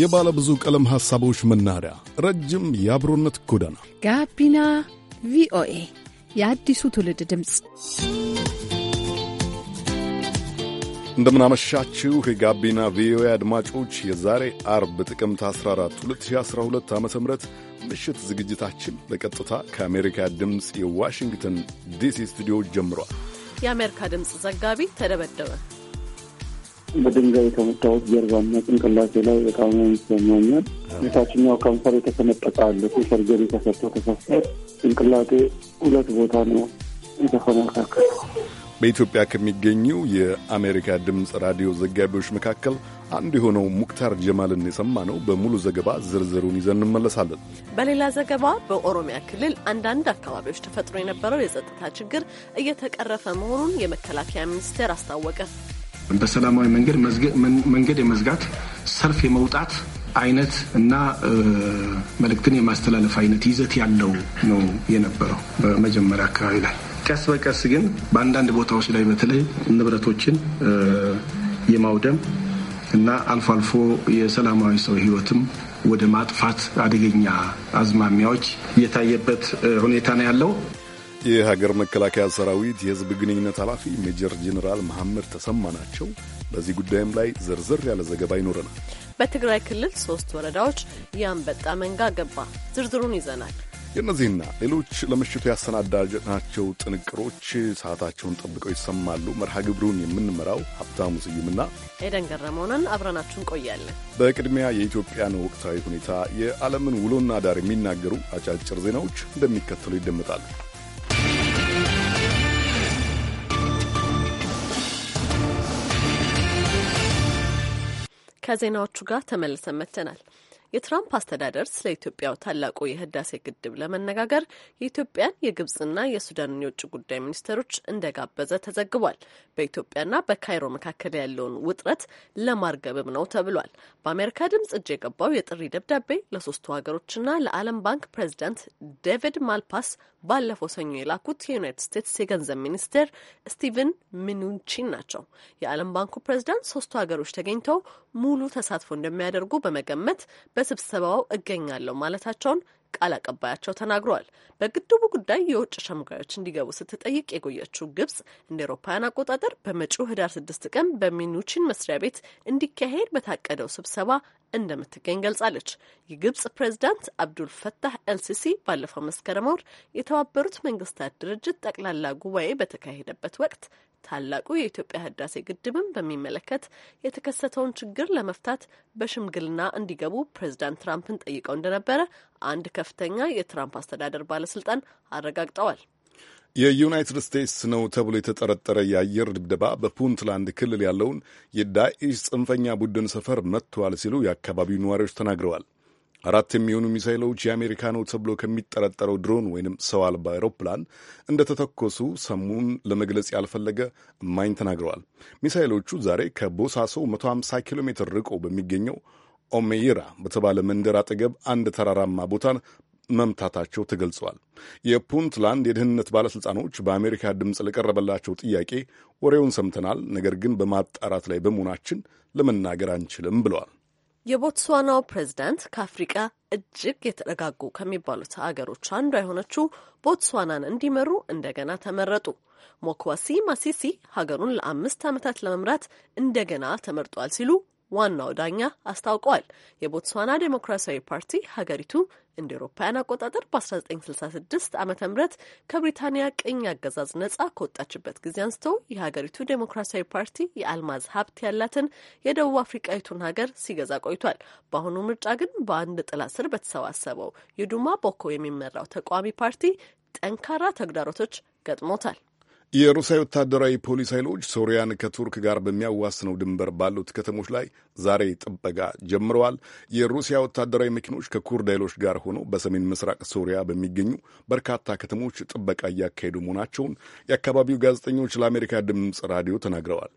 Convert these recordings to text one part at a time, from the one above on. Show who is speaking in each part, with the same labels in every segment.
Speaker 1: የባለ ብዙ ቀለም ሐሳቦች መናኸሪያ፣ ረጅም የአብሮነት ጎዳና፣
Speaker 2: ጋቢና ቪኦኤ የአዲሱ ትውልድ ድምፅ።
Speaker 1: እንደምናመሻችሁ የጋቢና ቪኦኤ አድማጮች፣ የዛሬ አርብ ጥቅምት 14 2012 ዓ ም ምሽት ዝግጅታችን በቀጥታ ከአሜሪካ ድምፅ የዋሽንግተን ዲሲ ስቱዲዮ ጀምሯል።
Speaker 2: የአሜሪካ ድምፅ ዘጋቢ ተደበደበ
Speaker 3: በድንጋይ የተመታሁት ጀርባና ጭንቅላቴ ላይ በጣም ይሰማኛል። የታችኛው ከንፈር የተሰነጠቀ አለ። ሰርጀሪ ተሰርቶ ተሰፍቷል። ጭንቅላቴ ሁለት ቦታ ነው የተፈነካከለው።
Speaker 1: በኢትዮጵያ ከሚገኙ የአሜሪካ ድምፅ ራዲዮ ዘጋቢዎች መካከል አንዱ የሆነው ሙክታር ጀማልን የሰማ ነው። በሙሉ ዘገባ ዝርዝሩን ይዘን እንመለሳለን።
Speaker 2: በሌላ ዘገባ በኦሮሚያ ክልል አንዳንድ አካባቢዎች ተፈጥሮ የነበረው የጸጥታ ችግር እየተቀረፈ መሆኑን የመከላከያ ሚኒስቴር አስታወቀ።
Speaker 4: በሰላማዊ መንገድ መንገድ የመዝጋት ሰልፍ የመውጣት አይነት እና መልእክትን የማስተላለፍ አይነት ይዘት ያለው ነው የነበረው በመጀመሪያ አካባቢ ላይ። ቀስ በቀስ ግን በአንዳንድ ቦታዎች ላይ በተለይ ንብረቶችን የማውደም እና አልፎ አልፎ የሰላማዊ ሰው ሕይወትም ወደ ማጥፋት አደገኛ አዝማሚያዎች እየታየበት
Speaker 1: ሁኔታ ነው ያለው። የሀገር መከላከያ ሰራዊት የህዝብ ግንኙነት ኃላፊ ሜጀር ጄኔራል መሐመድ ተሰማ ናቸው። በዚህ ጉዳይም ላይ ዝርዝር ያለ ዘገባ ይኖረናል።
Speaker 2: በትግራይ ክልል ሶስት ወረዳዎች የአንበጣ መንጋ ገባ። ዝርዝሩን ይዘናል።
Speaker 1: የእነዚህና ሌሎች ለምሽቱ ያሰናዳናቸው ጥንቅሮች ሰዓታቸውን ጠብቀው ይሰማሉ። መርሃ ግብሩን የምንመራው ሀብታሙ ስዩምና
Speaker 2: ኤደን ገረመሆነን አብረናችሁ እንቆያለን።
Speaker 1: በቅድሚያ የኢትዮጵያን ወቅታዊ ሁኔታ፣ የዓለምን ውሎና ዳር የሚናገሩ አጫጭር ዜናዎች እንደሚከተሉ ይደመጣሉ።
Speaker 2: ከዜናዎቹ ጋር ተመልሰን መጥተናል። የትራምፕ አስተዳደር ስለ ኢትዮጵያው ታላቁ የህዳሴ ግድብ ለመነጋገር የኢትዮጵያን የግብጽና የሱዳንን የውጭ ጉዳይ ሚኒስትሮች እንደጋበዘ ተዘግቧል። በኢትዮጵያና በካይሮ መካከል ያለውን ውጥረት ለማርገብም ነው ተብሏል። በአሜሪካ ድምጽ እጅ የገባው የጥሪ ደብዳቤ ለሶስቱ ሀገሮችና ለዓለም ባንክ ፕሬዚዳንት ዴቪድ ማልፓስ ባለፈው ሰኞ የላኩት የዩናይትድ ስቴትስ የገንዘብ ሚኒስትር ስቲቨን ምኑቺን ናቸው። የዓለም ባንኩ ፕሬዚዳንት ሶስቱ ሀገሮች ተገኝተው ሙሉ ተሳትፎ እንደሚያደርጉ በመገመት በስብሰባው እገኛለሁ ማለታቸውን ቃል አቀባያቸው ተናግረዋል። በግድቡ ጉዳይ የውጭ ሸምጋዮች እንዲገቡ ስትጠይቅ የቆየችው ግብጽ እንደ ኤሮፓውያን አቆጣጠር በመጪው ህዳር ስድስት ቀን በሚኑቺን መስሪያ ቤት እንዲካሄድ በታቀደው ስብሰባ እንደምትገኝ ገልጻለች። የግብጽ ፕሬዚዳንት አብዱል ፈታህ ኤልሲሲ ባለፈው መስከረም ወር የተባበሩት መንግስታት ድርጅት ጠቅላላ ጉባኤ በተካሄደበት ወቅት ታላቁ የኢትዮጵያ ህዳሴ ግድብን በሚመለከት የተከሰተውን ችግር ለመፍታት በሽምግልና እንዲገቡ ፕሬዚዳንት ትራምፕን ጠይቀው እንደነበረ አንድ ከፍተኛ የትራምፕ አስተዳደር ባለስልጣን አረጋግጠዋል።
Speaker 1: የዩናይትድ ስቴትስ ነው ተብሎ የተጠረጠረ የአየር ድብደባ በፑንትላንድ ክልል ያለውን የዳኢሽ ጽንፈኛ ቡድን ሰፈር መጥቷል ሲሉ የአካባቢው ነዋሪዎች ተናግረዋል። አራት የሚሆኑ ሚሳይሎች የአሜሪካ ነው ተብሎ ከሚጠረጠረው ድሮን ወይንም ሰው አልባ አውሮፕላን እንደተተኮሱ ሰሙን ለመግለጽ ያልፈለገ እማኝ ተናግረዋል። ሚሳይሎቹ ዛሬ ከቦሳሶ 150 ኪሎ ሜትር ርቆ በሚገኘው ኦሜይራ በተባለ መንደር አጠገብ አንድ ተራራማ ቦታን መምታታቸው ተገልጸዋል። የፑንትላንድ የደህንነት ባለሥልጣኖች በአሜሪካ ድምፅ ለቀረበላቸው ጥያቄ ወሬውን ሰምተናል፣ ነገር ግን በማጣራት ላይ በመሆናችን ለመናገር አንችልም ብለዋል።
Speaker 2: የቦትስዋናው ፕሬዝዳንት ከአፍሪቃ እጅግ የተረጋጉ ከሚባሉት አገሮች አንዷ የሆነችው ቦትስዋናን እንዲመሩ እንደገና ተመረጡ። ሞክዋሲ ማሲሲ ሀገሩን ለአምስት ዓመታት ለመምራት እንደገና ተመርጧል ሲሉ ዋናው ዳኛ አስታውቀዋል። የቦትስዋና ዴሞክራሲያዊ ፓርቲ ሀገሪቱ እንደ ኤሮፓውያን አቆጣጠር በ1966 ዓ ም ከብሪታንያ ቅኝ አገዛዝ ነጻ ከወጣችበት ጊዜ አንስተው የሀገሪቱ ዴሞክራሲያዊ ፓርቲ የአልማዝ ሀብት ያላትን የደቡብ አፍሪቃዊቱን ሀገር ሲገዛ ቆይቷል። በአሁኑ ምርጫ ግን በአንድ ጥላ ስር በተሰባሰበው የዱማ ቦኮ የሚመራው ተቃዋሚ ፓርቲ ጠንካራ ተግዳሮቶች ገጥሞታል።
Speaker 1: የሩሲያ ወታደራዊ ፖሊስ ኃይሎች ሶሪያን ከቱርክ ጋር በሚያዋስነው ድንበር ባሉት ከተሞች ላይ ዛሬ ጥበቃ ጀምረዋል። የሩሲያ ወታደራዊ መኪኖች ከኩርድ ኃይሎች ጋር ሆነው በሰሜን ምስራቅ ሶሪያ በሚገኙ በርካታ ከተሞች ጥበቃ እያካሄዱ መሆናቸውን የአካባቢው ጋዜጠኞች ለአሜሪካ ድምፅ ራዲዮ ተናግረዋል።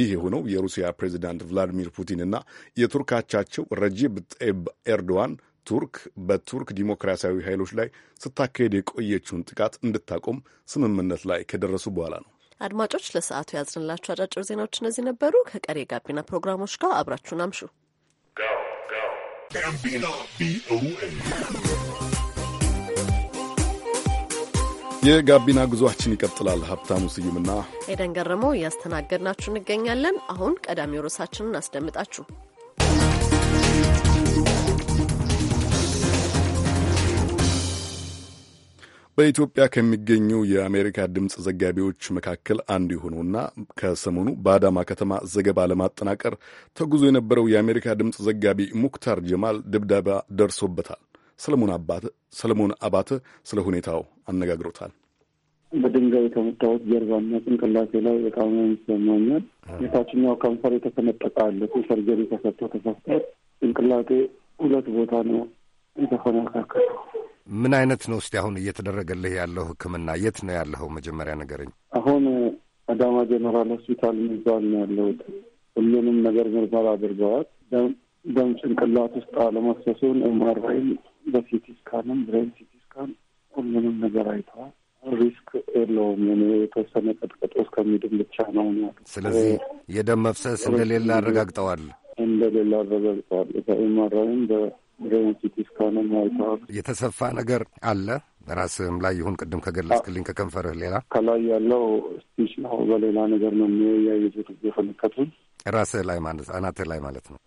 Speaker 1: ይህ የሆነው የሩሲያ ፕሬዚዳንት ቭላዲሚር ፑቲንና የቱርካቻቸው ረጀብ ጠይብ ኤርዶዋን ቱርክ በቱርክ ዲሞክራሲያዊ ኃይሎች ላይ ስታካሄድ የቆየችውን ጥቃት እንድታቆም ስምምነት ላይ ከደረሱ በኋላ ነው።
Speaker 2: አድማጮች፣ ለሰዓቱ ያዝንላችሁ አጫጭር ዜናዎች እነዚህ ነበሩ። ከቀሪ የጋቢና ፕሮግራሞች ጋር አብራችሁን አምሹ።
Speaker 1: የጋቢና ጉዞአችን ይቀጥላል። ሀብታሙ ስዩምና
Speaker 2: ኤደን ገረመው እያስተናገድናችሁ እንገኛለን። አሁን ቀዳሚ ርዕሳችንን አስደምጣችሁ
Speaker 1: በኢትዮጵያ ከሚገኙ የአሜሪካ ድምፅ ዘጋቢዎች መካከል አንዱ የሆነውና ከሰሞኑ በአዳማ ከተማ ዘገባ ለማጠናቀር ተጉዞ የነበረው የአሜሪካ ድምፅ ዘጋቢ ሙክታር ጀማል ድብደባ ደርሶበታል። ሰለሞን አባተ ስለ ሁኔታው አነጋግሮታል።
Speaker 3: በድንጋይ የተመታሁት ጀርባና ጭንቅላቴ ላይ በጣም ይሰማኛል። የታችኛው ከንፈር የተፈነጠቀ አለ። ሰርጀሪ ተሰጥቶ ተሰፍቶ ጭንቅላቴ ሁለት ቦታ ነው የተፈነካከተው።
Speaker 5: ምን አይነት ነው እስቲ አሁን እየተደረገልህ ያለው ህክምና የት ነው ያለኸው? መጀመሪያ ነገርኝ።
Speaker 3: አሁን አዳማ ጀነራል ሆስፒታል የሚባል ነው ያለሁት። ሁሉንም ነገር ምርመራ አድርገዋል። ደም ጭንቅላት ውስጥ አለመፍሰሱን ኤምአርአይም በሲቲ ስካንም ብሬን ሲቲ ስካን ሁሉንም ነገር አይተዋል። ሪስክ የለውም። እኔ የተወሰነ ቀጥቀጦ እስከሚድን ብቻ ነው ያሉ። ስለዚህ
Speaker 5: የደም መፍሰስ እንደሌላ አረጋግጠዋል፣
Speaker 3: እንደሌላ አረጋግጠዋል። በኤምአርአይም የተሰፋ ነገር
Speaker 5: አለ በራስህም ላይ ይሁን ቅድም ከገለጽክልኝ ከከንፈርህ ሌላ
Speaker 3: ከላይ ያለው ስፒች ነው። በሌላ ነገር ነው የሚያያይዙት የፈነከቱን
Speaker 5: ራስህ ላይ ማለት አናቴ ላይ ማለት ነው።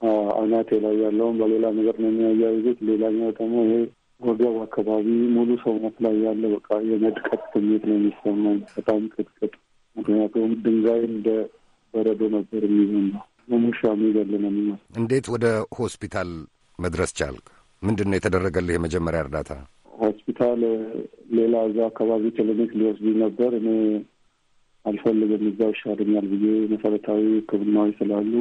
Speaker 3: አናቴ ላይ ያለውን በሌላ ነገር ነው የሚያያይዙት። ሌላኛው ደግሞ ይሄ ወገብ አካባቢ ሙሉ ሰውነት ላይ ያለ በቃ የመድቀት ስሜት ነው የሚሰማኝ። በጣም ቅጥቅጥ፣ ምክንያቱም ድንጋይ እንደ በረዶ ነበር የሚሆን ነው ሙሻ የሚገል ነው የሚመስለው።
Speaker 5: እንዴት ወደ ሆስፒታል መድረስ ቻልክ? ምንድን ነው የተደረገልህ የመጀመሪያ እርዳታ?
Speaker 3: ሆስፒታል ሌላ እዛ አካባቢ ክሊኒክ ሊወስዱ ነበር። እኔ አልፈልግም፣ እዛው ይሻለኛል ብዬ መሰረታዊ ሕክምናዎች ስላሉ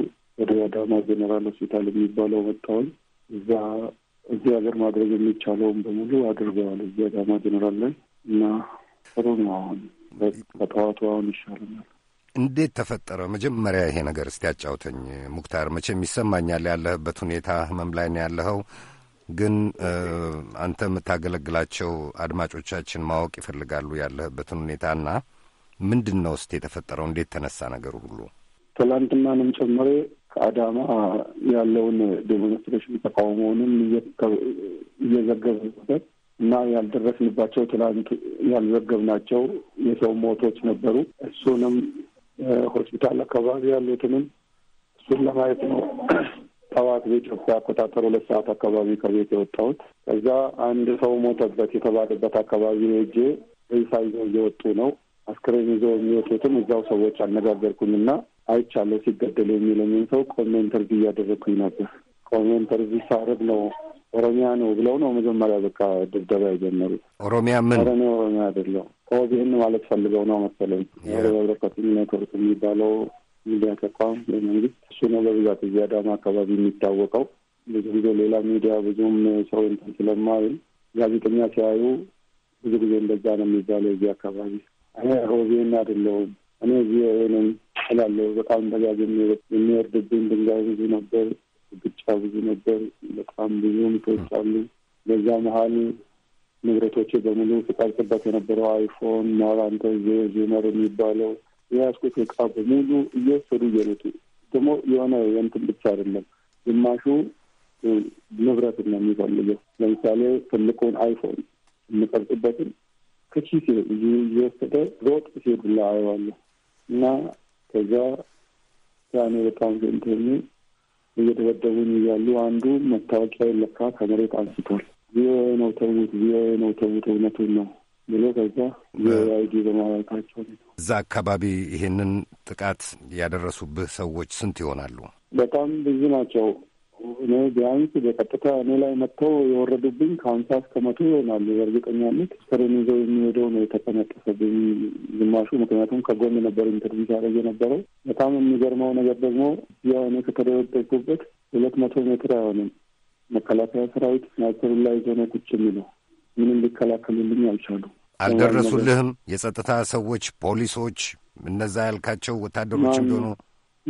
Speaker 3: ወደ አዳማ ጀኔራል ሆስፒታል የሚባለው መጣሁኝ። እዛ እዚህ ሀገር ማድረግ የሚቻለውን በሙሉ አድርገዋል። እዚህ አዳማ ጀኔራል ላይ እና ጥሩ ነው። አሁን ከጠዋቱ አሁን ይሻለኛል።
Speaker 5: እንዴት ተፈጠረ? መጀመሪያ ይሄ ነገር እስቲ ያጫውተኝ ሙክታር። መቼም ይሰማኛል ያለህበት ሁኔታ፣ ህመም ላይ ነው ያለኸው። ግን አንተ የምታገለግላቸው አድማጮቻችን ማወቅ ይፈልጋሉ ያለህበትን ሁኔታና ምንድን ነው እስቲ የተፈጠረው? እንዴት ተነሳ ነገሩ ሁሉ?
Speaker 3: ትላንትናንም ጨምሬ ከአዳማ ያለውን ዴሞንስትሬሽን ተቃውሞውንም እየዘገብንበት እና ያልደረስንባቸው ትላንት ያልዘገብናቸው የሰው ሞቶች ነበሩ። እሱንም ሆስፒታል አካባቢ ያሉትንም እሱን ለማየት ነው። ጠዋት በኢትዮጵያ አቆጣጠር ሁለት ሰዓት አካባቢ ከቤት የወጣሁት። ከዛ አንድ ሰው ሞተበት የተባለበት አካባቢ ሄጄ ሬሳ ይዘው እየወጡ ነው። አስክሬን ይዘው የሚወጡትም እዛው ሰዎች አነጋገርኩኝና አይቻለሁ ሲገደል የሚለኝን ሰው ቆሜ ኢንተርቪው እያደረግኩኝ ነበር። ቆሜ ኢንተርቪው ሳረግ ነው ኦሮሚያ ነው ብለው ነው መጀመሪያ በቃ ድብደባ የጀመሩት።
Speaker 5: ኦሮሚያ ምን ኦሮሚ
Speaker 3: ኦሮሚያ አይደለው ኦቢኤን ማለት ፈልገው ነው መሰለኝ። ህብረተሰብ ኔትወርክ የሚባለው ሚዲያ ተቋም በመንግስት እሱ ነው በብዛት እዚህ አዳማ አካባቢ የሚታወቀው። ብዙ ጊዜ ሌላ ሚዲያ ብዙም ሰው እንትን ስለማይል ጋዜጠኛ ሲያዩ ብዙ ጊዜ እንደዛ ነው የሚባለው እዚህ አካባቢ። እኔ ኦቢኤን አይደለሁም እኔ እዚህ ወይንም እላለሁ። በጣም ደጋግ የሚወርድብኝ ድንጋይ ብዙ ነበር ግጫ ብዙ ነበር። በጣም ብዙ ምቶች አሉ። በዛ መሀል ንብረቶቼ በሙሉ ስቃልቅበት የነበረው አይፎን ማራንተ ዜመር የሚባለው የያዝኩት እቃ በሙሉ እየወሰዱ እየሮጡ ደግሞ የሆነ የእንትን ብቻ አይደለም ግማሹ ንብረት ነው የሚፈልገው። ለምሳሌ ትልቁን አይፎን የምቀርጽበትን ከቺስ እየወሰደ ሮጥ ሲሄድ ሲሄዱላ አየዋለሁ እና ከዛ ያኔ በጣም ገንትሆኝ እየደበደቡኝ እያሉ አንዱ መታወቂያ ለካ ከመሬት አንስቷል። ቪኦኤ ነው ተዉት፣ ቪኦኤ ነው ተዉት፣ እውነቱን ነው ብሎ ከዛ ይዲ በማለታቸው
Speaker 5: እዛ አካባቢ ይሄንን ጥቃት ያደረሱብህ ሰዎች ስንት ይሆናሉ?
Speaker 3: በጣም ብዙ ናቸው። እኔ ቢያንስ በቀጥታ እኔ ላይ መጥተው የወረዱብኝ ከሀምሳ እስከ መቶ ይሆናሉ። በእርግጠኛነት ስርን ይዘው የሚሄደው ነው የተጠነቀሰብኝ ግማሹ። ምክንያቱም ከጎን ነበር ኢንተርቪው ሲያደርግ የነበረው። በጣም የሚገርመው ነገር ደግሞ ያው እኔ ከተደበደኩበት ሁለት መቶ ሜትር አይሆንም መከላከያ ሰራዊት ስናይፐሩን ላይ ይዞ ነው ቁጭ የሚለው። ምንም ሊከላከሉልኝ አልቻሉ። አልደረሱልህም?
Speaker 5: የጸጥታ ሰዎች፣ ፖሊሶች፣ እነዛ ያልካቸው ወታደሮችም እንደሆኑ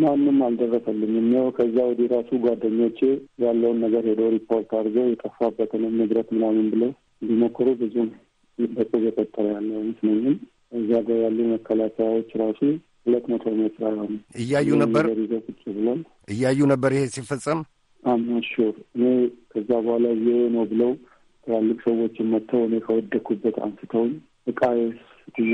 Speaker 3: ማንም አልደረሰልኝም። ያው ከዛ ወዲህ ራሱ ጓደኞቼ ያለውን ነገር ሄደው ሪፖርት አድርገው የጠፋበትንም ንብረት ምናምን ብለው እንዲሞክሩ ብዙም በቁ የፈጠረ ያለ ምስለኝም እዛ ጋር ያሉ መከላከያዎች ራሱ ሁለት መቶ ሜትር አይሆንም እያዩ ነበር ይዘው ቁጭ ብሏል።
Speaker 5: እያዩ ነበር ይሄ ሲፈጸም አምናሹር
Speaker 3: እኔ ከዛ በኋላ ይሄ ነው ብለው ትላልቅ ሰዎችን መጥተው እኔ ከወደኩበት አንስተውኝ እቃ ስ ትዬ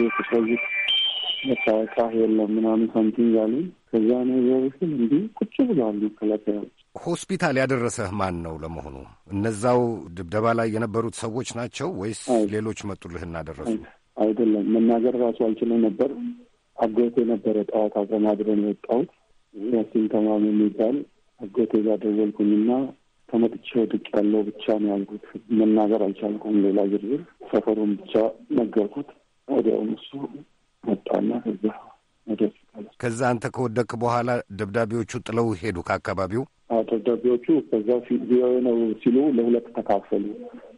Speaker 3: መታወቂያ የለም ምናምን ሳምቲንግ አሉ። ከዚያ ነው ዘብስል እንዲህ ቁጭ ብለዋል መከላከያዎች።
Speaker 5: ሆስፒታል ያደረሰህ ማን ነው ለመሆኑ? እነዛው ድብደባ ላይ የነበሩት ሰዎች ናቸው ወይስ ሌሎች መጡልህ እናደረሱ? አይደለም መናገር ራሱ አልችልም ነበር። አጎቴ ነበረ ጠዋት አብረን
Speaker 3: አድረን የወጣሁት ያሲን ተማም የሚባል አጎቴ ጋር ደወልኩኝና ተመጥቼ ወድቅ ያለው ብቻ ነው ያልኩት። መናገር አልቻልኩም። ሌላ ዝርዝር ሰፈሩን ብቻ ነገርኩት። ወዲያውም እሱ
Speaker 5: መጣና እዛ ከዛ አንተ ከወደክ በኋላ ደብዳቤዎቹ ጥለው ሄዱ ከአካባቢው።
Speaker 3: ደብዳቤዎቹ ከዛ ቪኦኤ ነው ሲሉ ለሁለት ተካፈሉ።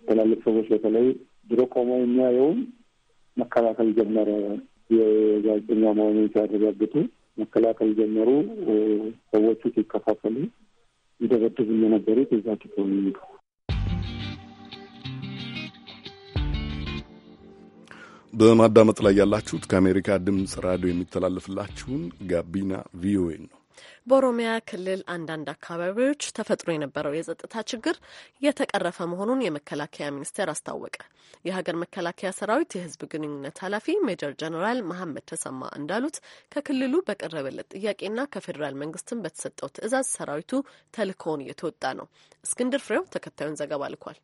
Speaker 3: ትላልቅ ሰዎች በተለይ ድሮ ቆሞ የሚያየውን መከላከል ጀመረ። የጋዜጠኛ መሆኑን ሲያረጋግጡ መከላከል ጀመሩ። ሰዎቹ ሲከፋፈሉ ይደበድቡ የነበሩት እዛ ትቶ
Speaker 1: በማዳመጥ ላይ ያላችሁት ከአሜሪካ ድምፅ ራዲዮ የሚተላለፍላችሁን ጋቢና ቪኦኤ ነው።
Speaker 2: በኦሮሚያ ክልል አንዳንድ አካባቢዎች ተፈጥሮ የነበረው የጸጥታ ችግር የተቀረፈ መሆኑን የመከላከያ ሚኒስቴር አስታወቀ። የሀገር መከላከያ ሰራዊት የሕዝብ ግንኙነት ኃላፊ ሜጀር ጀነራል መሐመድ ተሰማ እንዳሉት ከክልሉ በቀረበለት ጥያቄና ከፌዴራል መንግስትም በተሰጠው ትዕዛዝ ሰራዊቱ ተልእኮውን እየተወጣ ነው። እስክንድር ፍሬው ተከታዩን ዘገባ ልኳል።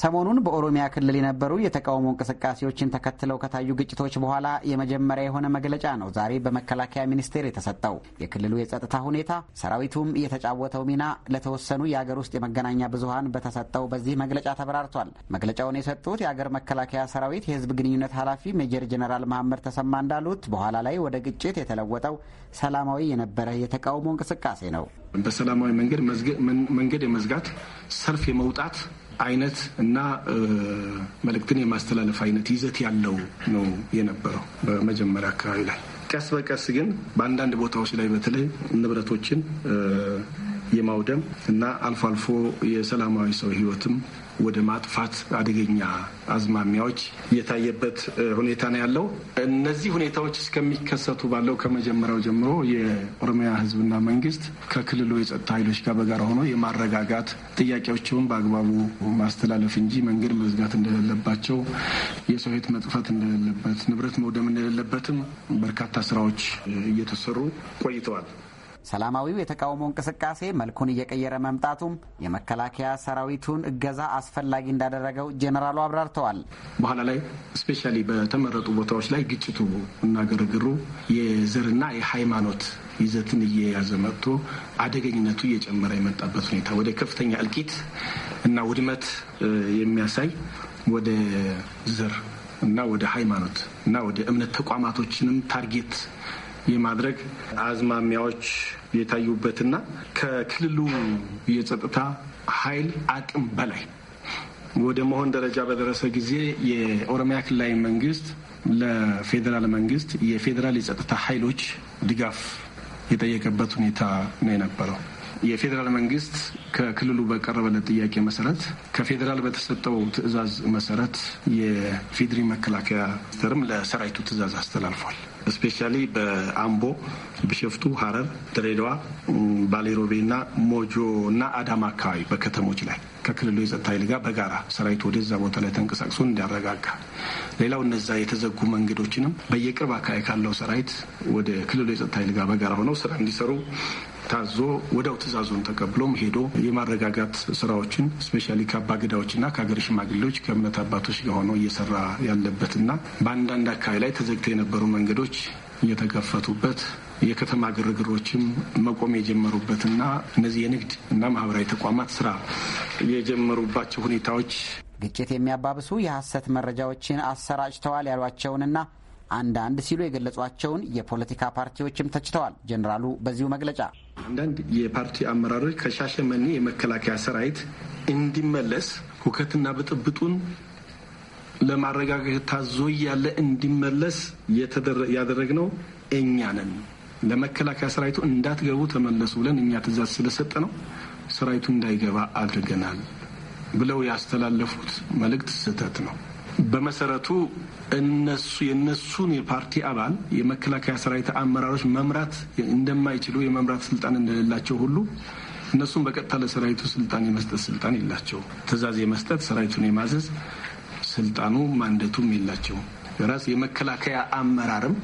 Speaker 6: ሰሞኑን በኦሮሚያ ክልል የነበሩ የተቃውሞ እንቅስቃሴዎችን ተከትለው ከታዩ ግጭቶች በኋላ የመጀመሪያ የሆነ መግለጫ ነው ዛሬ በመከላከያ ሚኒስቴር የተሰጠው። የክልሉ የጸጥታ ሁኔታ፣ ሰራዊቱም የተጫወተው ሚና ለተወሰኑ የአገር ውስጥ የመገናኛ ብዙሀን በተሰጠው በዚህ መግለጫ ተብራርቷል። መግለጫውን የሰጡት የአገር መከላከያ ሰራዊት የህዝብ ግንኙነት ኃላፊ ሜጀር ጀነራል መሐመድ ተሰማ እንዳሉት በኋላ ላይ ወደ ግጭት የተለወጠው ሰላማዊ የነበረ የተቃውሞ እንቅስቃሴ ነው።
Speaker 4: በሰላማዊ መንገድ መንገድ የመዝጋት ሰልፍ የመውጣት አይነት እና መልእክትን የማስተላለፍ አይነት ይዘት ያለው ነው የነበረው በመጀመሪያ አካባቢ ላይ። ቀስ በቀስ ግን በአንዳንድ ቦታዎች ላይ በተለይ ንብረቶችን የማውደም እና አልፎ አልፎ የሰላማዊ ሰው ሕይወትም ወደ ማጥፋት አደገኛ አዝማሚያዎች የታየበት ሁኔታ ነው ያለው። እነዚህ ሁኔታዎች እስከሚከሰቱ ባለው ከመጀመሪያው ጀምሮ የኦሮሚያ ሕዝብና መንግስት ከክልሉ የጸጥታ ኃይሎች ጋር በጋራ ሆኖ የማረጋጋት ጥያቄዎችን በአግባቡ ማስተላለፍ እንጂ መንገድ መዝጋት እንደሌለባቸው፣ የሰው ሕይወት
Speaker 6: መጥፋት እንደሌለበት፣ ንብረት መውደም እንደሌለበትም በርካታ ስራዎች እየተሰሩ ቆይተዋል። ሰላማዊው የተቃውሞ እንቅስቃሴ መልኩን እየቀየረ መምጣቱም የመከላከያ ሰራዊቱን እገዛ አስፈላጊ እንዳደረገው ጄኔራሉ አብራርተዋል። በኋላ ላይ ስፔሻሊ
Speaker 4: በተመረጡ ቦታዎች ላይ ግጭቱ እና ግርግሩ የዘርና የሃይማኖት ይዘትን እየያዘ መጥቶ አደገኝነቱ እየጨመረ የመጣበት ሁኔታ ወደ ከፍተኛ እልቂት እና ውድመት የሚያሳይ ወደ ዘር እና ወደ ሃይማኖት እና ወደ እምነት ተቋማቶችንም ታርጌት የማድረግ አዝማሚያዎች የታዩበትና ከክልሉ የጸጥታ ኃይል አቅም በላይ ወደ መሆን ደረጃ በደረሰ ጊዜ የኦሮሚያ ክልላዊ መንግስት ለፌዴራል መንግስት የፌዴራል የጸጥታ ኃይሎች ድጋፍ የጠየቀበት ሁኔታ ነው የነበረው። የፌዴራል መንግስት ከክልሉ በቀረበለት ጥያቄ መሰረት ከፌዴራል በተሰጠው ትዕዛዝ መሰረት የፌድሪ መከላከያ ሚኒስቴርም ለሰራዊቱ ትዕዛዝ አስተላልፏል። እስፔሻሊ በአምቦ፣ ቢሸፍቱ፣ ሀረር ድሬዳዋ፣ ባሌሮቤና ሞጆ እና አዳማ አካባቢ በከተሞች ላይ ከክልሉ የጸጥታ ኃይል ጋር በጋራ ሰራዊቱ ወደዛ ቦታ ላይ ተንቀሳቅሶ እንዲያረጋጋ፣ ሌላው እነዛ የተዘጉ መንገዶችንም በየቅርብ አካባቢ ካለው ሰራዊት ወደ ክልሉ የጸጥታ ኃይል ጋር በጋራ ሆነው ስራ እንዲሰሩ ታዞ ወዲያው ትዕዛዙን ተቀብሎም ሄዶ የማረጋጋት ስራዎችን ስፔሻሊ ከአባገዳዎችና ከሀገር ሽማግሌዎች ከእምነት አባቶች ጋር ሆኖ እየሰራ ያለበትና በአንዳንድ አካባቢ ላይ ተዘግተው የነበሩ መንገዶች የተከፈቱበት የከተማ ግርግሮችም መቆም የጀመሩበትና እነዚህ የንግድ እና ማህበራዊ ተቋማት ስራ የጀመሩባቸው ሁኔታዎች
Speaker 6: ግጭት የሚያባብሱ የሐሰት መረጃዎችን አሰራጭተዋል ያሏቸውንና አንዳንድ ሲሉ የገለጿቸውን የፖለቲካ ፓርቲዎችም ተችተዋል። ጀኔራሉ በዚሁ መግለጫ
Speaker 4: አንዳንድ የፓርቲ አመራሮች ከሻሸመኔ የመከላከያ ሰራዊት እንዲመለስ ሁከትና ብጥብጡን ለማረጋገጥ ታዞ ያለ እንዲመለስ ያደረግነው እኛ ነን። ለመከላከያ ሰራዊቱ እንዳትገቡ ተመለሱ ብለን እኛ ትእዛዝ ስለሰጠ ነው ሰራዊቱ እንዳይገባ አድርገናል ብለው ያስተላለፉት መልእክት ስህተት ነው። በመሰረቱ እነሱ የእነሱን የፓርቲ አባል የመከላከያ ሰራዊት አመራሮች መምራት እንደማይችሉ የመምራት ስልጣን እንደሌላቸው ሁሉ እነሱም በቀጥታ ለሰራዊቱ ስልጣን የመስጠት ስልጣን የላቸው። ትእዛዝ የመስጠት ሰራዊቱን የማዘዝ ስልጣኑ ማንደቱም የላቸው። ራስ የመከላከያ አመራርም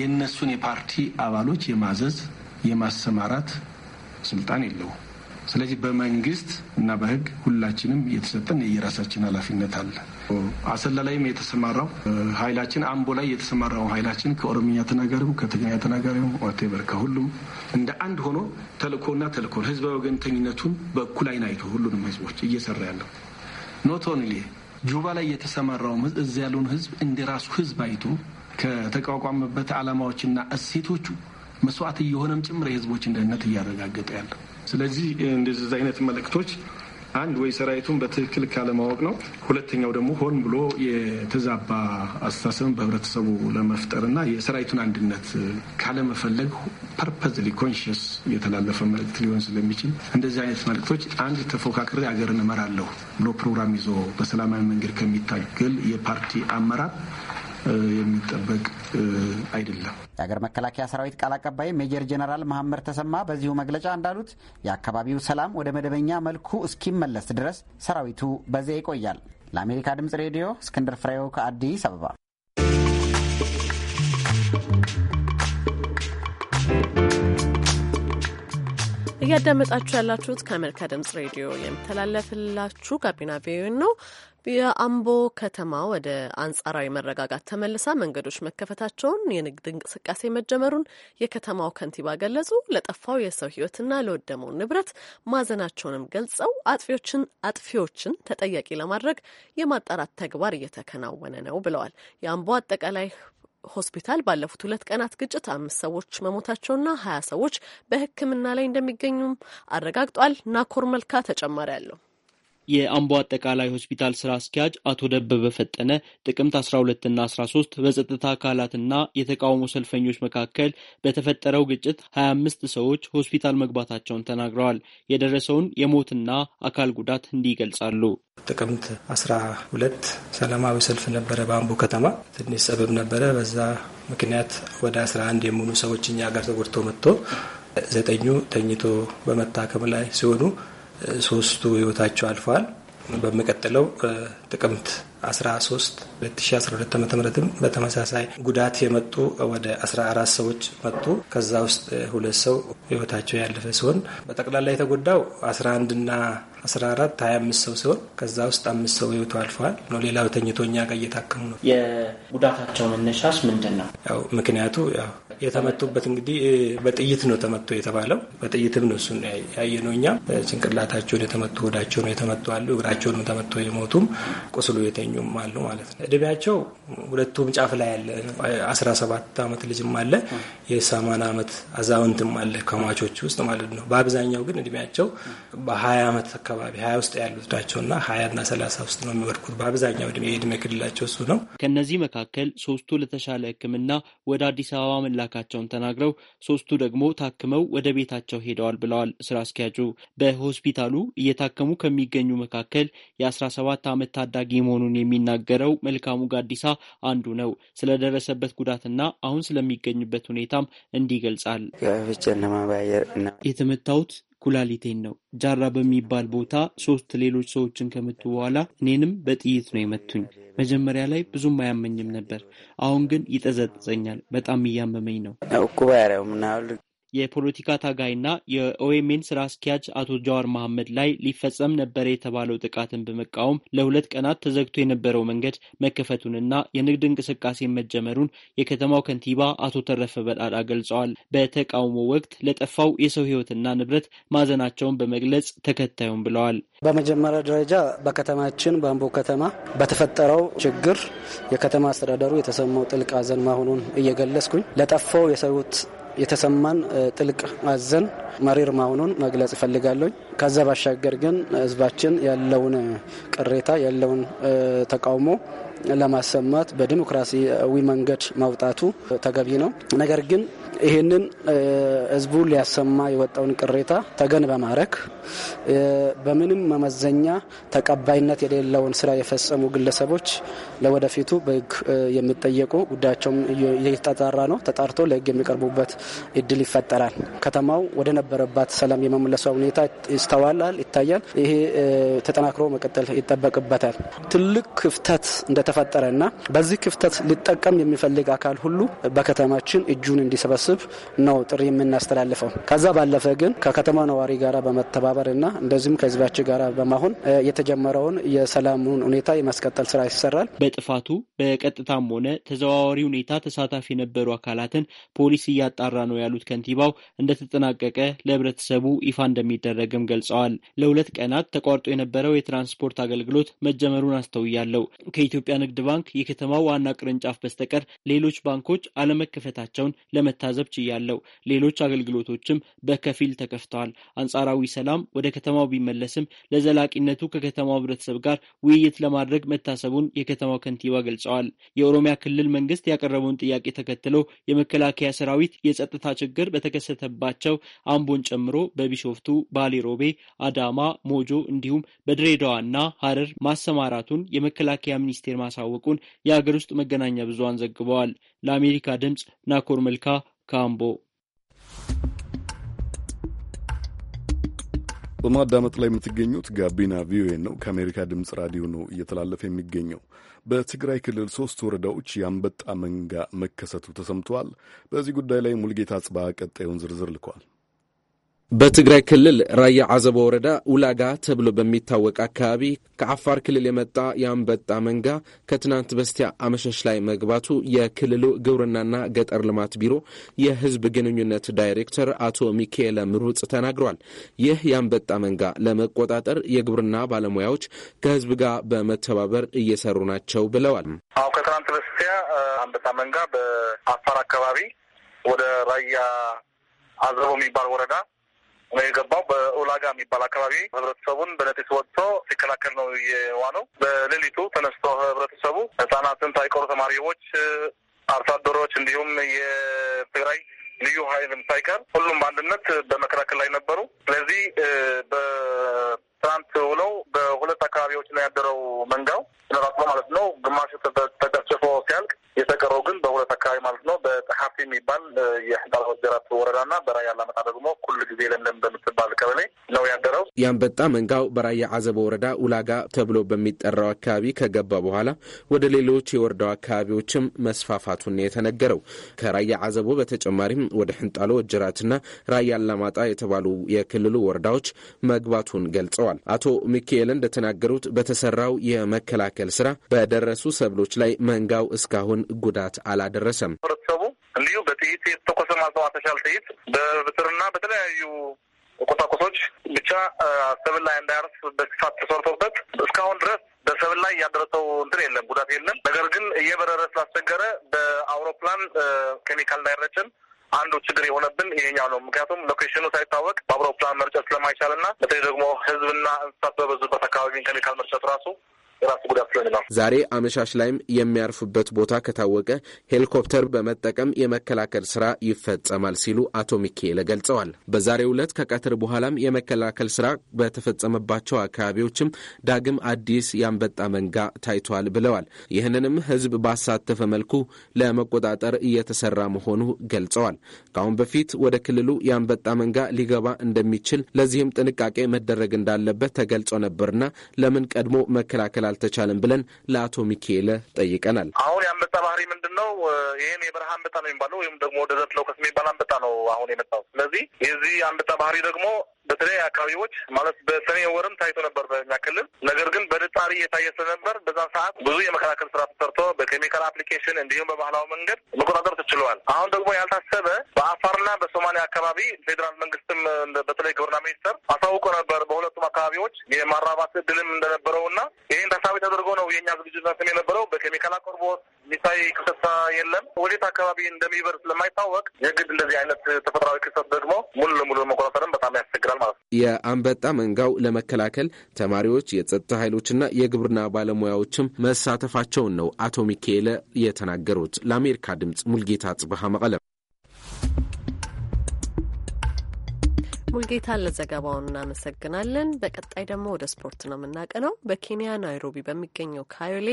Speaker 4: የእነሱን የፓርቲ አባሎች የማዘዝ የማሰማራት ስልጣን የለው። ስለዚህ በመንግስት እና በህግ ሁላችንም የተሰጠን የየራሳችን ኃላፊነት አለ። አሰላ ላይም የተሰማራው ኃይላችን አምቦ ላይ የተሰማራው ኃይላችን ከኦሮምኛ ተናጋሪው ከትግርኛ ተናጋሪው ቴበር ከሁሉም እንደ አንድ ሆኖ ተልእኮና ተልእኮን ህዝባዊ ወገንተኝነቱን በእኩል አይን አይቶ ሁሉንም ህዝቦች እየሰራ ያለው ኖት ኦንሊ ጁባ ላይ የተሰማራው እዚ ያለውን ህዝብ እንደ ራሱ ህዝብ አይቶ ከተቋቋመበት ዓላማዎችና እሴቶቹ መስዋዕት እየሆነም ጭምር የህዝቦችን ደህንነት እያረጋገጠ ያለው ስለዚህ እንደዚህ አይነት መልእክቶች አንድ ወይ ሰራዊቱን በትክክል ካለማወቅ ነው። ሁለተኛው ደግሞ ሆን ብሎ የተዛባ አስተሳሰብን በህብረተሰቡ ለመፍጠርና የሰራዊቱን አንድነት ካለመፈለግ ፐርፐዝሊ ኮንሽስ የተላለፈ መልእክት ሊሆን ስለሚችል እንደዚህ አይነት መልእክቶች አንድ ተፎካካሪ አገርን እመራለሁ ብሎ ፕሮግራም ይዞ በሰላማዊ መንገድ ከሚታገል የፓርቲ አመራር የሚጠበቅ አይደለም።
Speaker 6: የአገር መከላከያ ሰራዊት ቃል አቀባይ ሜጀር ጀነራል መሐመድ ተሰማ በዚሁ መግለጫ እንዳሉት የአካባቢው ሰላም ወደ መደበኛ መልኩ እስኪመለስ ድረስ ሰራዊቱ በዚያ ይቆያል። ለአሜሪካ ድምጽ ሬዲዮ እስክንድር ፍሬው ከአዲስ አበባ።
Speaker 2: እያዳመጣችሁ ያላችሁት ከአሜሪካ ድምጽ ሬዲዮ የሚተላለፍላችሁ ጋቢና ቪኦኤ ነው። የአምቦ ከተማ ወደ አንጻራዊ መረጋጋት ተመልሳ መንገዶች መከፈታቸውን፣ የንግድ እንቅስቃሴ መጀመሩን የከተማው ከንቲባ ገለጹ። ለጠፋው የሰው ሕይወትና ለወደመው ንብረት ማዘናቸውንም ገልጸው አጥፊዎችን አጥፊዎችን ተጠያቂ ለማድረግ የማጣራት ተግባር እየተከናወነ ነው ብለዋል። የአምቦ አጠቃላይ ሆስፒታል ባለፉት ሁለት ቀናት ግጭት አምስት ሰዎች መሞታቸውና ሀያ ሰዎች በሕክምና ላይ እንደሚገኙም አረጋግጧል። ናኮር መልካ ተጨማሪ አለው።
Speaker 7: የአምቦ አጠቃላይ ሆስፒታል ስራ አስኪያጅ አቶ ደበበ ፈጠነ ጥቅምት 12ና 13 በጸጥታ አካላትና የተቃውሞ ሰልፈኞች መካከል በተፈጠረው ግጭት 25 ሰዎች ሆስፒታል መግባታቸውን ተናግረዋል። የደረሰውን የሞትና አካል ጉዳት እንዲህ ይገልጻሉ።
Speaker 8: ጥቅምት 12 ሰላማዊ ሰልፍ ነበረ በአምቦ ከተማ። ትንሽ ሰበብ ነበረ። በዛ ምክንያት ወደ 11 የሚሆኑ ሰዎች እኛ ጋር ተጎድቶ መጥቶ ዘጠኙ ተኝቶ በመታከም ላይ ሲሆኑ ሶስቱ ህይወታቸው አልፈዋል። በሚቀጥለው ጥቅምት 13 2012 ዓ በተመሳሳይ ጉዳት የመጡ ወደ 14 ሰዎች መጡ። ከዛ ውስጥ ሁለት ሰው ህይወታቸው ያለፈ ሲሆን በጠቅላላ የተጎዳው 11 ና 14 25 ሰው ሲሆን ከዛ ውስጥ አምስት ሰው ህይወቱ አልፈዋል ነው። ሌላው ተኝቶ እኛ ጋር እየታከሙ ነው። የጉዳታቸው መነሻስ ምንድን ነው? ያው ምክንያቱ ያው የተመቱበት እንግዲህ በጥይት ነው ተመቶ የተባለው። በጥይትም ነው እሱን ነው። እኛ ጭንቅላታቸውን የተመቱ ወዳቸው ነው የተመቱ አሉ፣ እግራቸውንም ተመቶ የሞቱም ቁስሉ የተኙም አሉ ማለት ነው። እድሜያቸው ሁለቱም ጫፍ ላይ ያለ አስራ ሰባት አመት ልጅም አለ፣ አመት አዛውንትም አለ ከሟቾች ውስጥ ማለት ነው። በአብዛኛው ግን እድሜያቸው በሀያ አመት አካባቢ ሀያ ውስጥ ያሉት ናቸው ናቸውና ሀያ እና ሰላሳ ውስጥ ነው የሚወድቁት በአብዛኛው እድሜ ክልላቸው
Speaker 7: እሱ ነው። ከእነዚህ መካከል ሶስቱ ለተሻለ ሕክምና ወደ አዲስ አበባ መላክ መላካቸውን ተናግረው ሶስቱ ደግሞ ታክመው ወደ ቤታቸው ሄደዋል ብለዋል ስራ አስኪያጁ። በሆስፒታሉ እየታከሙ ከሚገኙ መካከል የ17 ዓመት ታዳጊ መሆኑን የሚናገረው መልካሙ ጋዲሳ አንዱ ነው። ስለደረሰበት ጉዳትና አሁን ስለሚገኝበት ሁኔታም እንዲህ ይገልጻል። የተመታሁት ኩላሊቴን ነው። ጃራ በሚባል ቦታ ሶስት ሌሎች ሰዎችን ከመቱ በኋላ እኔንም በጥይት ነው የመቱኝ። መጀመሪያ ላይ ብዙም አያመኝም ነበር። አሁን ግን ይጠዘጥዘኛል። በጣም እያመመኝ ነው። የፖለቲካ ታጋይና የኦኤምኤን ስራ አስኪያጅ አቶ ጃዋር መሐመድ ላይ ሊፈጸም ነበር የተባለው ጥቃትን በመቃወም ለሁለት ቀናት ተዘግቶ የነበረው መንገድ መከፈቱንና የንግድ እንቅስቃሴ መጀመሩን የከተማው ከንቲባ አቶ ተረፈ በጣዳ ገልጸዋል። በተቃውሞ ወቅት ለጠፋው የሰው ሕይወትና ንብረት ማዘናቸውን በመግለጽ ተከታዩም ብለዋል።
Speaker 9: በመጀመሪያ ደረጃ በከተማችን በአምቦ ከተማ በተፈጠረው ችግር የከተማ አስተዳደሩ የተሰማው ጥልቅ ሐዘን መሆኑን እየገለጽኩኝ ለጠፋው የሰውት የተሰማን ጥልቅ አዘን መሪር መሆኑን መግለጽ እፈልጋለሁ። ከዛ ባሻገር ግን ህዝባችን ያለውን ቅሬታ ያለውን ተቃውሞ ለማሰማት በዲሞክራሲያዊ መንገድ ማውጣቱ ተገቢ ነው። ነገር ግን ይህንን ህዝቡ ሊያሰማ የወጣውን ቅሬታ ተገን በማድረግ በምንም መመዘኛ ተቀባይነት የሌለውን ስራ የፈጸሙ ግለሰቦች ለወደፊቱ በህግ የሚጠየቁ ጉዳያቸውም እየተጣራ ነው፣ ተጣርቶ ለህግ የሚቀርቡበት እድል ይፈጠራል። ከተማው ወደ ነበረባት ሰላም የመመለሷ ሁኔታ ይስተዋላል፣ ይታያል። ይሄ ተጠናክሮ መቀጠል ይጠበቅበታል። ትልቅ ክፍተት እንደተፈጠረና በዚህ ክፍተት ሊጠቀም የሚፈልግ አካል ሁሉ በከተማችን እጁን እንዲሰበስብ እንድናስብ ነው ጥሪ የምናስተላልፈው። ከዛ ባለፈ ግን ከከተማ ነዋሪ ጋር በመተባበርና እንደዚሁም ከህዝባችን ጋር በማሆን የተጀመረውን የሰላሙን ሁኔታ የማስቀጠል ስራ ይሰራል።
Speaker 7: በጥፋቱ በቀጥታም ሆነ ተዘዋዋሪ ሁኔታ ተሳታፊ የነበሩ አካላትን ፖሊስ እያጣራ ነው ያሉት ከንቲባው እንደተጠናቀቀ ለህብረተሰቡ ይፋ እንደሚደረግም ገልጸዋል። ለሁለት ቀናት ተቋርጦ የነበረው የትራንስፖርት አገልግሎት መጀመሩን አስተውያለሁ። ከኢትዮጵያ ንግድ ባንክ የከተማው ዋና ቅርንጫፍ በስተቀር ሌሎች ባንኮች አለመከፈታቸውን ለመታዘብ መገንዘብ ችያለው ሌሎች አገልግሎቶችም በከፊል ተከፍተዋል። አንጻራዊ ሰላም ወደ ከተማው ቢመለስም ለዘላቂነቱ ከከተማው ህብረተሰብ ጋር ውይይት ለማድረግ መታሰቡን የከተማው ከንቲባ ገልጸዋል። የኦሮሚያ ክልል መንግስት ያቀረበውን ጥያቄ ተከትለው የመከላከያ ሰራዊት የጸጥታ ችግር በተከሰተባቸው አምቦን ጨምሮ በቢሾፍቱ፣ ባሌሮቤ፣ አዳማ፣ ሞጆ እንዲሁም በድሬዳዋና ሀረር ማሰማራቱን የመከላከያ ሚኒስቴር ማሳወቁን የሀገር ውስጥ መገናኛ ብዙሃን ዘግበዋል። ለአሜሪካ ድምፅ ናኮር መልካ ካምቦ።
Speaker 1: በማዳመጥ ላይ የምትገኙት ጋቢና ቪኦኤ ነው። ከአሜሪካ ድምፅ ራዲዮ ነው እየተላለፈ የሚገኘው። በትግራይ ክልል ሶስት ወረዳዎች የአንበጣ መንጋ መከሰቱ ተሰምተዋል። በዚህ ጉዳይ ላይ ሙልጌታ ጽባ ቀጣዩን ዝርዝር ልኳል። በትግራይ ክልል ራያ አዘቦ ወረዳ ውላጋ ተብሎ በሚታወቅ
Speaker 10: አካባቢ ከአፋር ክልል የመጣ የአንበጣ መንጋ ከትናንት በስቲያ አመሻሽ ላይ መግባቱ የክልሉ ግብርናና ገጠር ልማት ቢሮ የሕዝብ ግንኙነት ዳይሬክተር አቶ ሚካኤል ምሩጽ ተናግሯል። ይህ የአንበጣ መንጋ ለመቆጣጠር የግብርና ባለሙያዎች ከሕዝብ ጋር በመተባበር እየሰሩ ናቸው ብለዋል። አሁ ከትናንት
Speaker 4: በስቲያ አንበጣ መንጋ በአፋር አካባቢ ወደ ራያ አዘቦ የሚባል ወረዳ ነው የገባው። በኡላጋ የሚባል አካባቢ ህብረተሰቡን በነጢስ ወጥቶ ሲከላከል ነው የዋለው። በሌሊቱ ተነስቶ ህብረተሰቡ ህጻናትን፣ ታይቆሮ ተማሪዎች፣ አርሶ አደሮች እንዲሁም የትግራይ ልዩ ኃይልም ሳይቀር ሁሉም በአንድነት በመከላከል ላይ ነበሩ። ስለዚህ በትናንት
Speaker 10: ውለው በሁለት አካባቢዎች ነው ያደረው መንጋው ስለራሱ ማለት ነው። ግማሹ ተጨፍጭፎ ሲያልቅ የተቀረው ግን በሁለት አካባቢ ማለት ነው። በጸሐፊ የሚባል የሕዳር ወጀራት ወረዳና በራያ አላመጣ ደግሞ ጊዜ ለምለም በምትባል ቀበሌ ነው ያደረው። የአንበጣ መንጋው በራያ አዘቦ ወረዳ ውላጋ ተብሎ በሚጠራው አካባቢ ከገባ በኋላ ወደ ሌሎች የወረዳው አካባቢዎችም መስፋፋቱን የተነገረው። ከራያ አዘቦ በተጨማሪም ወደ ሕንጣሎ ወጀራትና ራያ አላማጣ የተባሉ የክልሉ ወረዳዎች መግባቱን ገልጸዋል። አቶ ሚካኤል እንደተናገሩት በተሰራው የመከላከል ስራ በደረሱ ሰብሎች ላይ መንጋው እስካሁን ጉዳት አላደረሰም። ህብረተሰቡ ልዩ በጥይት የተተኮሰ ማስተማተሻል ጥይት በብትርና በተለያዩ ቁሳቁሶች ብቻ
Speaker 4: ሰብል ላይ እንዳያርስ በስፋት ተሰርቶበት እስካሁን ድረስ በሰብል ላይ ያደረሰው እንትን የለም፣ ጉዳት የለም። ነገር ግን እየበረረ ስላስቸገረ በአውሮፕላን ኬሚካል ዳይሬክሽን አንዱ ችግር የሆነብን ይሄኛው ነው። ምክንያቱም
Speaker 10: ሎኬሽኑ ሳይታወቅ በአውሮፕላን መርጨት ስለማይቻል እና በተለይ ደግሞ ሕዝብና እንስሳት በበዙበት አካባቢ ኬሚካል መርጨት ራሱ ጉዳት ስለሆነ ነው። ዛሬ አመሻሽ ላይም የሚያርፉበት ቦታ ከታወቀ ሄሊኮፕተር በመጠቀም የመከላከል ስራ ይፈጸማል ሲሉ አቶ ሚካኤል ገልጸዋል። በዛሬው ዕለት ከቀትር በኋላም የመከላከል ስራ በተፈጸመባቸው አካባቢዎችም ዳግም አዲስ የአንበጣ መንጋ ታይቷል ብለዋል። ይህንንም ህዝብ ባሳተፈ መልኩ ለመቆጣጠር እየተሰራ መሆኑ ገልጸዋል። ከአሁን በፊት ወደ ክልሉ የአንበጣ መንጋ ሊገባ እንደሚችል ለዚህም ጥንቃቄ መደረግ እንዳለበት ተገልጾ ነበርና ለምን ቀድሞ መከላከል አልተቻለም ብለን ለአቶ ሚካኤለ ጠይቀናል። አሁን የአንበጣ
Speaker 4: ባህሪ ምንድን ነው? ይህን የበረሃ አንበጣ ነው የሚባለው ወይም ደግሞ ደዘት ለውከስ የሚባል አንበጣ ነው አሁን የመጣው። ስለዚህ የዚህ አንበጣ ባህሪ ደግሞ በተለይ አካባቢዎች ማለት በሰኔ ወርም ታይቶ ነበር በኛ ክልል። ነገር ግን በድጣሪ እየታየ ስለነበር በዛ ሰዓት ብዙ የመከላከል ስራ ተሰርቶ በኬሚካል አፕሊኬሽን እንዲሁም በባህላዊ መንገድ መቆጣጠር ተችሏል። አሁን ደግሞ ያልታሰበ በአፋርና በሶማሊያ አካባቢ ፌዴራል መንግስትም በተለይ ግብርና ሚኒስተር አሳውቆ ነበር በሁለቱም አካባቢዎች የማራባት እድልም እንደነበረው እና ይህን ታሳቢ ተደርጎ ነው የእኛ ዝግጅት የነበረው። በኬሚካል አቅርቦት ሚሳይ ክሰታ የለም። ወዴት አካባቢ እንደሚበር ስለማይታወቅ የግድ እንደዚህ አይነት ተፈጥሯዊ ክስተት ደግሞ
Speaker 3: ሙሉ ለሙሉ መቆጣጠርም በጣም ያስቸግራል
Speaker 10: ማለት ነው። የአንበጣ መንጋው ለመከላከል ተማሪዎች፣ የጸጥታ ኃይሎችና የግብርና ባለሙያዎችም መሳተፋቸውን ነው አቶ ሚካኤለ የተናገሩት። ለአሜሪካ ድምፅ ሙልጌታ ጽብሃ መቀለም
Speaker 2: ሙልጌታን ለዘገባውን እናመሰግናለን። በቀጣይ ደግሞ ወደ ስፖርት ነው የምናቀነው። በኬንያ ናይሮቢ በሚገኘው ካዮሌ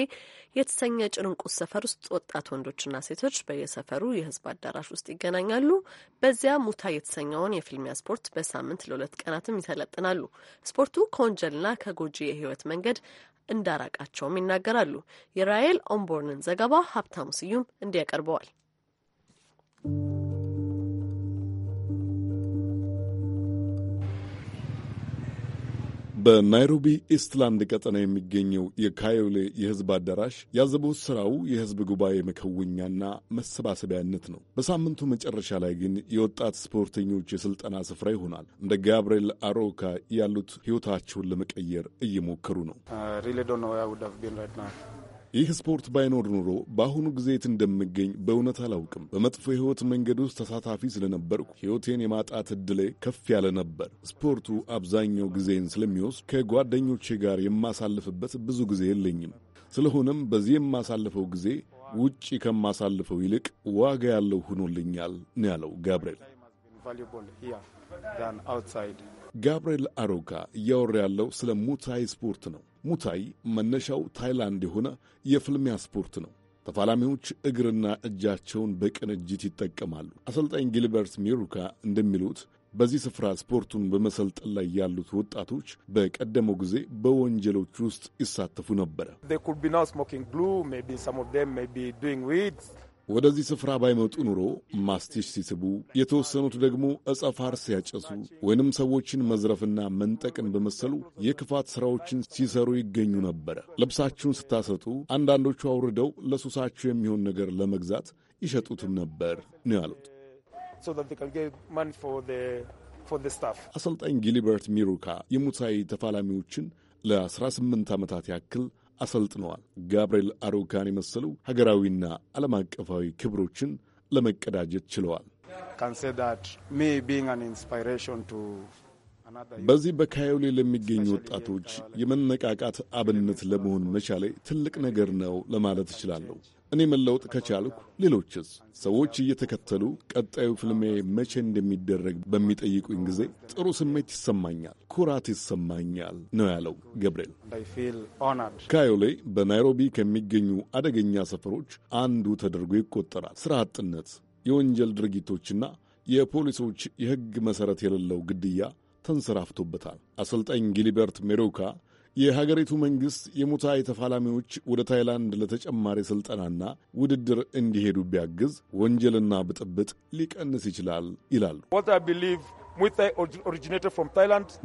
Speaker 2: የተሰኘ ጭርንቁስ ሰፈር ውስጥ ወጣት ወንዶችና ሴቶች በየሰፈሩ የህዝብ አዳራሽ ውስጥ ይገናኛሉ። በዚያ ሙታ የተሰኘውን የፊልሚያ ስፖርት በሳምንት ለሁለት ቀናትም ይሰለጥናሉ። ስፖርቱ ከወንጀልና ከጎጂ የህይወት መንገድ እንዳራቃቸውም ይናገራሉ። የራኤል ኦምቦርንን ዘገባ ሀብታሙ ስዩም እንዲያቀርበዋል።
Speaker 1: በናይሮቢ ኢስትላንድ ቀጠና የሚገኘው የካዮሌ የህዝብ አዳራሽ ያዘቡት ስራው የህዝብ ጉባኤ መከወኛና መሰባሰቢያነት ነው። በሳምንቱ መጨረሻ ላይ ግን የወጣት ስፖርተኞች የስልጠና ስፍራ ይሆናል። እንደ ጋብርኤል አሮካ ያሉት ህይወታቸውን ለመቀየር እየሞከሩ ነው።
Speaker 3: uh,
Speaker 1: ይህ ስፖርት ባይኖር ኑሮ በአሁኑ ጊዜ የት እንደምገኝ በእውነት አላውቅም። በመጥፎ የህይወት መንገድ ውስጥ ተሳታፊ ስለነበርኩ ህይወቴን የማጣት እድሌ ከፍ ያለ ነበር። ስፖርቱ አብዛኛው ጊዜን ስለሚወስድ ከጓደኞቼ ጋር የማሳልፍበት ብዙ ጊዜ የለኝም። ስለሆነም በዚህ የማሳልፈው ጊዜ ውጪ ከማሳልፈው ይልቅ ዋጋ ያለው ሆኖልኛል ነው ያለው ጋብርኤል። ጋብርኤል አሮካ እያወራ ያለው ስለ ሙታይ ስፖርት ነው። ሙታይ መነሻው ታይላንድ የሆነ የፍልሚያ ስፖርት ነው። ተፋላሚዎች እግርና እጃቸውን በቅንጅት ይጠቀማሉ። አሰልጣኝ ጊልበርት ሚሩካ እንደሚሉት በዚህ ስፍራ ስፖርቱን በመሰልጠን ላይ ያሉት ወጣቶች በቀደመው ጊዜ በወንጀሎች ውስጥ ይሳተፉ ነበረ። ወደዚህ ስፍራ ባይመጡ ኑሮ ማስቲሽ ሲስቡ፣ የተወሰኑት ደግሞ ዕፀ ሲያጨሱ ወይንም ሰዎችን መዝረፍና መንጠቅን በመሰሉ የክፋት ሥራዎችን ሲሰሩ ይገኙ ነበረ። ልብሳችሁን ስታሰጡ አንዳንዶቹ አውርደው ለሱሳችሁ የሚሆን ነገር ለመግዛት ይሸጡትም ነበር ነው ያሉት። አሰልጣኝ ጊሊበርት ሚሩካ የሙሳይ ተፋላሚዎችን ለ18 ዓመታት ያክል አሰልጥነዋል። ጋብርኤል አሩካን የመሰሉ ሀገራዊና ዓለም አቀፋዊ ክብሮችን ለመቀዳጀት ችለዋል። በዚህ በካዮሌ ለሚገኙ ወጣቶች የመነቃቃት አብነት ለመሆን መቻሌ ትልቅ ነገር ነው ለማለት እችላለሁ። እኔ መለወጥ ከቻልኩ ሌሎችስ? ሰዎች እየተከተሉ ቀጣዩ ፍልሜ መቼ እንደሚደረግ በሚጠይቁኝ ጊዜ ጥሩ ስሜት ይሰማኛል፣ ኩራት ይሰማኛል ነው ያለው ገብርኤል። ካዮሌ በናይሮቢ ከሚገኙ አደገኛ ሰፈሮች አንዱ ተደርጎ ይቆጠራል። ስራ አጥነት፣ የወንጀል ድርጊቶችና የፖሊሶች የሕግ መሠረት የሌለው ግድያ ተንሰራፍቶበታል። አሰልጣኝ ጊሊበርት ሜሮካ የሀገሪቱ መንግስት የሙታይ ተፋላሚዎች ወደ ታይላንድ ለተጨማሪ ስልጠናና ውድድር እንዲሄዱ ቢያግዝ ወንጀልና ብጥብጥ ሊቀንስ ይችላል ይላሉ።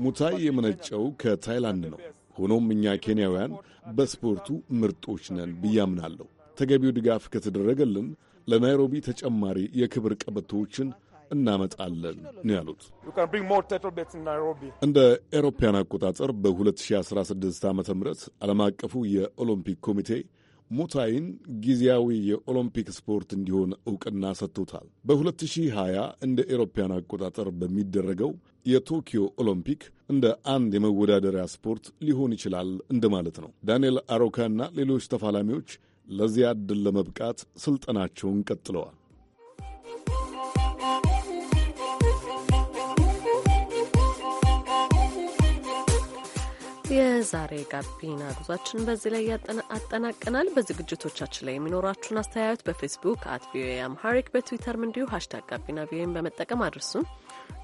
Speaker 1: ሙታይ የመነጨው ከታይላንድ ነው። ሆኖም እኛ ኬንያውያን በስፖርቱ ምርጦች ነን ብያምናለሁ። አምናለሁ። ተገቢው ድጋፍ ከተደረገልን ለናይሮቢ ተጨማሪ የክብር ቀበቶዎችን እናመጣለን ነው ያሉት። እንደ ኤሮፓያን አቆጣጠር በ2016 ዓ ም ዓለም አቀፉ የኦሎምፒክ ኮሚቴ ሙታይን ጊዜያዊ የኦሎምፒክ ስፖርት እንዲሆን እውቅና ሰጥቶታል። በ2020 እንደ ኤሮፓያን አቆጣጠር በሚደረገው የቶኪዮ ኦሎምፒክ እንደ አንድ የመወዳደሪያ ስፖርት ሊሆን ይችላል እንደማለት ነው። ዳንኤል አሮካ እና ሌሎች ተፋላሚዎች ለዚያ ዕድል ለመብቃት ስልጠናቸውን ቀጥለዋል።
Speaker 2: የዛሬ ጋቢና ጉዟችንን በዚህ ላይ አጠናቀናል። በዝግጅቶቻችን ላይ የሚኖራችሁን አስተያየት በፌስቡክ አት ቪኦኤ አምሃሪክ በትዊተርም እንዲሁ ሀሽታግ ጋቢና ቪኦኤን በመጠቀም አድርሱን።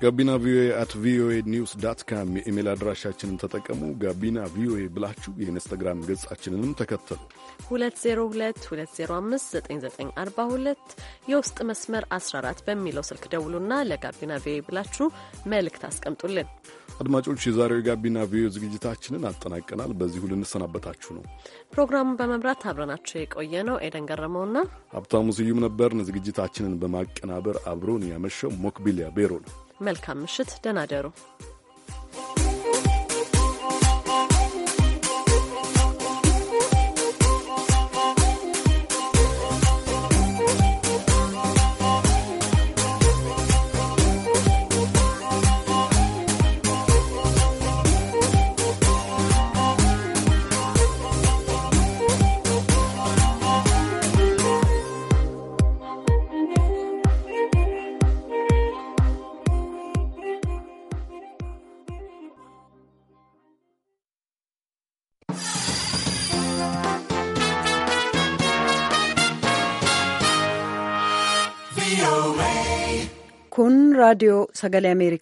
Speaker 1: ጋቢና ቪኦኤ አት ቪኦኤ ኒውስ ዳት ካም የኢሜል አድራሻችንን ተጠቀሙ። ጋቢና ቪኦኤ ብላችሁ የኢንስታግራም ገጻችንንም ተከተሉ።
Speaker 2: 2022059942 የውስጥ መስመር 14 በሚለው ስልክ ደውሉና ለጋቢና ቪኦኤ ብላችሁ መልእክት አስቀምጡልን።
Speaker 1: አድማጮች የዛሬው የጋቢና ቪኦኤ ዝግጅታችንን አጠናቀናል። በዚሁ ልንሰናበታችሁ ነው።
Speaker 2: ፕሮግራሙን በመምራት አብረናቸው የቆየ ነው ኤደን ገረመውና
Speaker 1: ሀብታሙ ስዩም ነበርን። ዝግጅታችንን በማቀናበር አብሮን ያመሸው ሞክቢሊያ ቤሮ ነው።
Speaker 2: መልካም ምሽት፣ ደህና ደሩ።
Speaker 9: raadiyo sagalee Ameerikaa.